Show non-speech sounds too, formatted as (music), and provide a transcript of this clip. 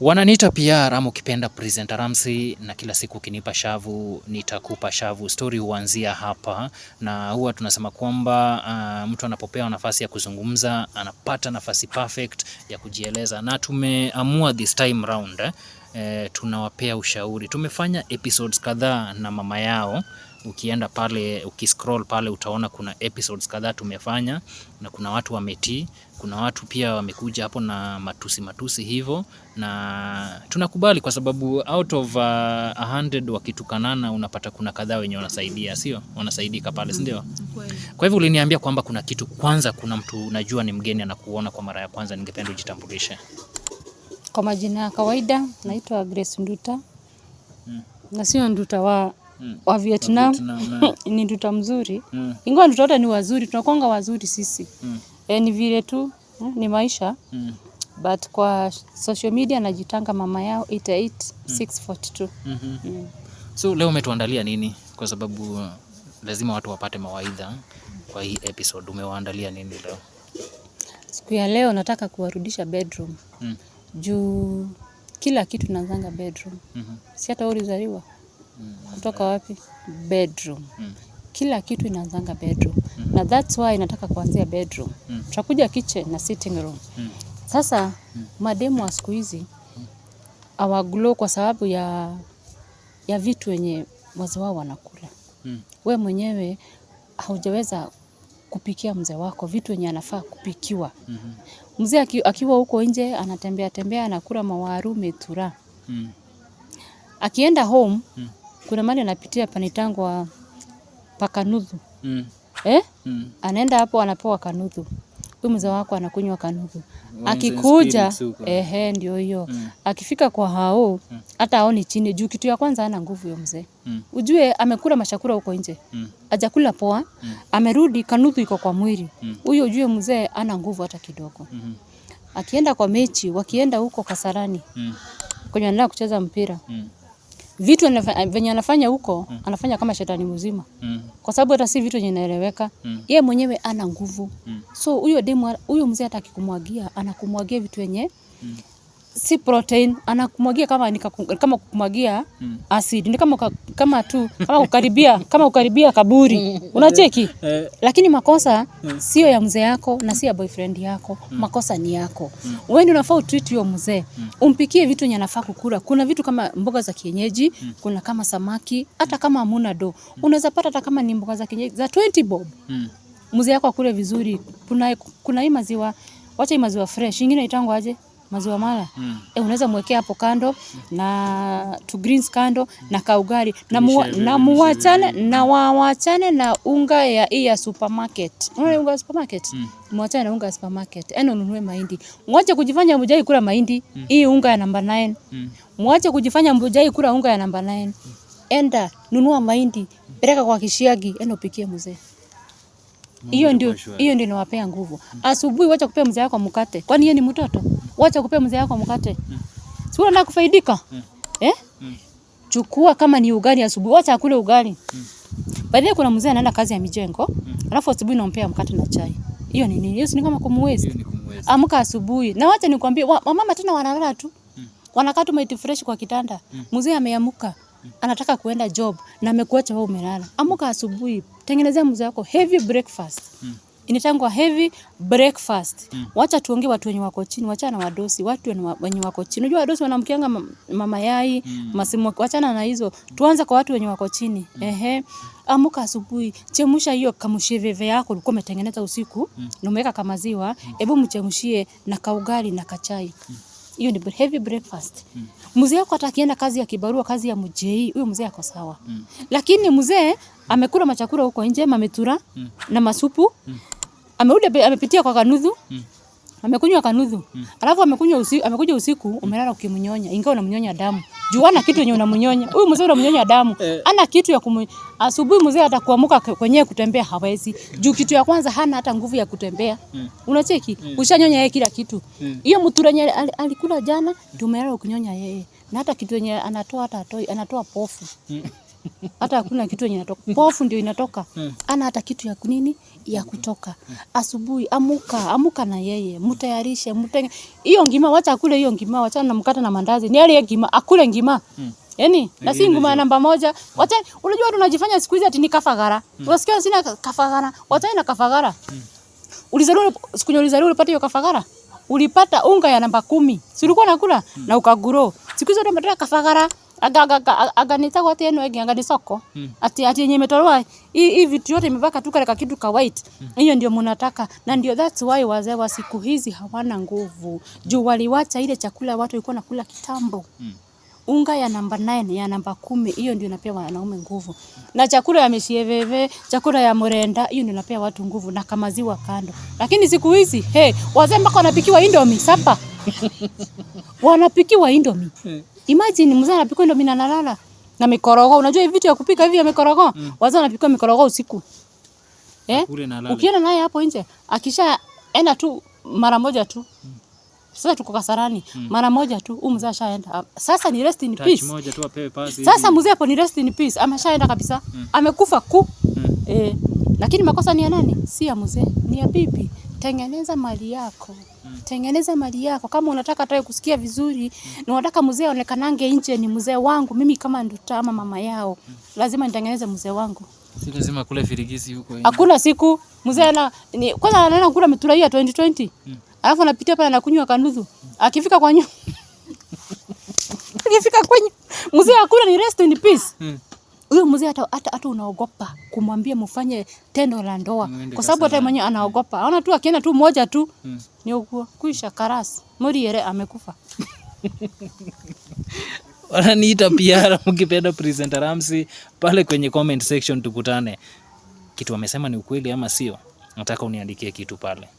Wananiita PR ama ukipenda presenter Ramsi, na kila siku ukinipa shavu nitakupa shavu. Story huanzia hapa, na huwa tunasema kwamba uh, mtu anapopewa nafasi ya kuzungumza anapata nafasi perfect ya kujieleza, na tumeamua this time round eh, tunawapea ushauri. Tumefanya episodes kadhaa na mama yao ukienda pale ukiscroll pale utaona kuna episodes kadhaa tumefanya, na kuna watu wametii, kuna watu pia wamekuja hapo na matusi matusi hivyo, na tunakubali kwa sababu out of uh, wakitukanana, unapata kuna kadhaa wenye wanasaidia, sio wanasaidika pale, si ndio? Mm, kwa hivyo uliniambia kwamba kuna kitu kwanza, kuna mtu najua ni mgeni anakuona kwa mara ya kwanza, ningependa ujitambulishe kwa majina ya kawaida. Naitwa Grace Nduta hmm. na sio Nduta wa wa Vietnam, Vietnam (laughs) eh. ni nduta mzuri mm. ingawa nduta wote ni wazuri, tunakuanga wazuri sisi mm. E, ni vile tu eh, ni maisha mm. but kwa social media najitanga mama yao 88642 mm. mm -hmm. mm. So leo umetuandalia nini? Kwa sababu uh, lazima watu wapate mawaidha kwa hii episode, umewaandalia nini leo? Siku ya leo nataka kuwarudisha bedroom mm. juu kila kitu nazanga bedroom mm -hmm. si hata ulizaliwa mm. kutoka wapi? Bedroom mm. Kila kitu inaanzanga bedroom mm. na that's why nataka kuanzia bedroom mm. tutakuja kitchen na sitting room mm. Sasa mm. mademu wa siku hizi mm. awaglow kwa sababu ya, ya vitu wenye wazee wao wanakula mm. We mwenyewe haujaweza kupikia mzee wako vitu wenye anafaa kupikiwa. mm -hmm. Mzee aki, akiwa huko nje anatembea tembea anakula mawaru metura. mm. Akienda home mm kuna mali anapitia wa pakanudhu mm. eh? mm. anaenda hapo anapewa kanudhu huyu mzee wako anakunywa kanudhu akikuja ehe, ndio hiyo mm. akifika kwa hao mm. hata mm. aoni chini juu, kitu ya kwanza ana nguvu hiyo mzee mm. ujue amekula mashakura huko nje mm. ajakula poa mm. amerudi kanudhu iko kwa mwili mm. huyo mm. ujue mzee ana nguvu hata kidogo mm -hmm. akienda kwa mechi, wakienda huko Kasarani mm. kwenye kucheza mpira mm vitu venye anafanya huko mm. anafanya kama shetani mzima mm. kwa sababu hata si vitu venye inaeleweka mm. yeye mwenyewe ana nguvu mm. so huyo demu huyo mzee hata akikumwagia anakumwagia vitu yenye mm si protein anakumwagia kama ni kama kumwagia mm. acid ni kama kama tu kama kukaribia (laughs) kama kukaribia kaburi unacheki (laughs) eh. Lakini makosa eh. sio ya mzee yako na sio ya boyfriend yako mm. makosa ni yako mm. wewe ndio unafaa utreat huyo mzee mm. umpikie vitu yenye anafaa kukula. Kuna vitu kama mboga za kienyeji mm. kuna kama samaki hata kama amuna do mm. unaweza pata hata kama ni mboga za kienyeji za 20 bob mm. mzee yako akule vizuri. Kuna kuna hii maziwa wacha hii maziwa fresh ingine itangwaje? maziwa mala mm. E, unaweza mwekea hapo kando na two greens kando na kaugali na muachane na wawachane hmm. na unga ya hii ya supermarket. Unaona unga ya supermarket? Muachane hmm. na unga ya supermarket. Yaani ununue mahindi. Mwache kujifanya mjai kula mahindi. Hmm. Hii unga ya namba 9. Mwache kujifanya mjai kula unga ya namba 9. Enda nunua mahindi, peleka kwa kishiagi, enda yaani upikie mzee. Hiyo ndio hiyo ndio inawapea nguvu. Asubuhi wacha kupea mzee yako mkate. Kwani yeye ni mtoto? Wacha kupea mzee yako mkate. Hmm. Si unaona kufaidika? Hmm. Eh? Hmm. Chukua kama ni ugali asubuhi, wacha akule ugali. Baadaye kuna mzee anaenda kazi ya mijengo, alafu asubuhi nampea mkate na chai. Hiyo ni nini? Yesu ni kama kumwezi. Amka asubuhi. Na wacha nikwambie, wamama tena wanalala tu. Wanakaa tu maiti fresh kwa kitanda. Mzee ameamka anataka kuenda job na amekuacha wewe umelala. Amka asubuhi, tengenezea mzee wako heavy breakfast. Mm. Inatangwa heavy breakfast. Mm. Wacha tuongee watu wenye wako chini, wachana na wadosi, watu wenye wako chini. Unajua wadosi wanamkianga mama yai, mm. masimu, wachana na hizo. Tuanze kwa watu wenye wako chini. Mm. Ehe. Amka asubuhi, chemsha hiyo kamsheveve yako ulikuwa umetengeneza usiku, mm. na umeweka kamaziwa, hebu hmm. mm. mchemshie na kaugali na kachai. Mm hiyo ni heavy breakfast. Mm. Mzee wako atakienda kazi ya kibarua, kazi ya mjei, huyo mzee ako sawa. Mm. Lakini mzee amekula machakura huko nje, mametura mm. na masupu mm. amerudi amepitia kwa kanudhu mm amekunywa kanudhu mm. alafu amekunywa usiku, amekuja usiku umelala ukimnyonya, ingawa unamnyonya damu juu ana kitu yenye unamnyonya huyu mzee, unamnyonya damu eh. ana kitu ya kumu... asubuhi mzee atakuamuka kwenye kutembea hawezi, juu kitu ya kwanza hana hata nguvu ya kutembea mm. unacheki mm. ushanyonya yeye kila kitu hmm. hiyo mm. mtura al, alikula jana, tumelala ukinyonya yeye na hata kitu yenye anatoa hata atoi, anatoa pofu mm hata hakuna kitu yenye inatoka pofu ndio inatoka hmm. ana hata kitu ya kunini ya kutoka asubuhi, amuka amuka na yeye mtayarishe mtenge hiyo ngima, wacha akule hiyo ngima, wacha na mkate na mandazi, ni ile ngima akule ngima mm. Yani na si nguma namba moja. Hmm. Wacha unajua tunajifanya siku hizi ati ni kafagara mm. Unasikia sina kafagara, hmm. wacha ina kafagara mm. Ulizaliwa siku nyo, ulizaliwa ulipata hiyo kafagara, ulipata unga ya namba kumi, si ulikuwa nakula mm. na ukaguro, siku hizi ndio unapata kafagara aga aga aga nitago ati eno engi aga ni soko mm. ati ati yenye imetorwa hii vitu yote tu tukareka kitu ka white hiyo hmm. mm. ndio mnataka na ndio that's why wazee wa siku hizi hawana nguvu juu waliwacha ile chakula watu walikuwa nakula kitambo mm. unga ya namba 9 ya namba kumi hiyo ndio inapewa wanaume nguvu na chakula ya mishieveve chakula ya mrenda hiyo ndio inapea watu nguvu na kamaziwa kando lakini siku hizi hey wazee mpaka wanapikiwa indomie sapa (laughs) wanapikiwa indomie hmm. Imagine mzee anapikwa ndio mimi nalala na mikorogo. Unajua hivi vitu ya kupika hivi ya mikorogo. Mm. Wazee anapikwa mikorogo usiku. Eh? ukiona naye hapo nje, akisha enda tu mara moja tu. Mm. Sasa tuko Kasarani, mm. mara moja tu huyu mzee ashaenda. Sasa ni rest in peace. moja tu apewe pasi. Sasa mzee hapo ni rest in peace, ameshaenda kabisa. Mm. Amekufa ku. Mm. Eh, lakini makosa ni ya nani? Si ya mzee, ni ya bibi. Tengeneza mali yako tengeneza mali yako kama unataka hata kusikia vizuri mm. na unataka mzee aonekanange nje ni mzee wangu mimi kama nduta ama mama yao mm. lazima nitengeneze mzee wangu si lazima kule firigisi huko hakuna siku mzee ana kwanza anaenda kula mitura hii ya 2020 mm. alafu anapitia pale anakunywa kanudhu mm. akifika kwa nyu. (laughs) akifika kwenye mzee hakuna ni rest in peace mm huyo mzee hata, hata, hata unaogopa kumwambia mfanye tendo la ndoa, kwa sababu hata mwenyewe anaogopa, aona tu akienda tu moja tu hmm ni uguo kuisha karasi muriere amekufa (laughs) wananiita piara mkipenda presenter Ramsey pale kwenye comment section tukutane kitu amesema ni ukweli ama sio nataka uniandikie kitu pale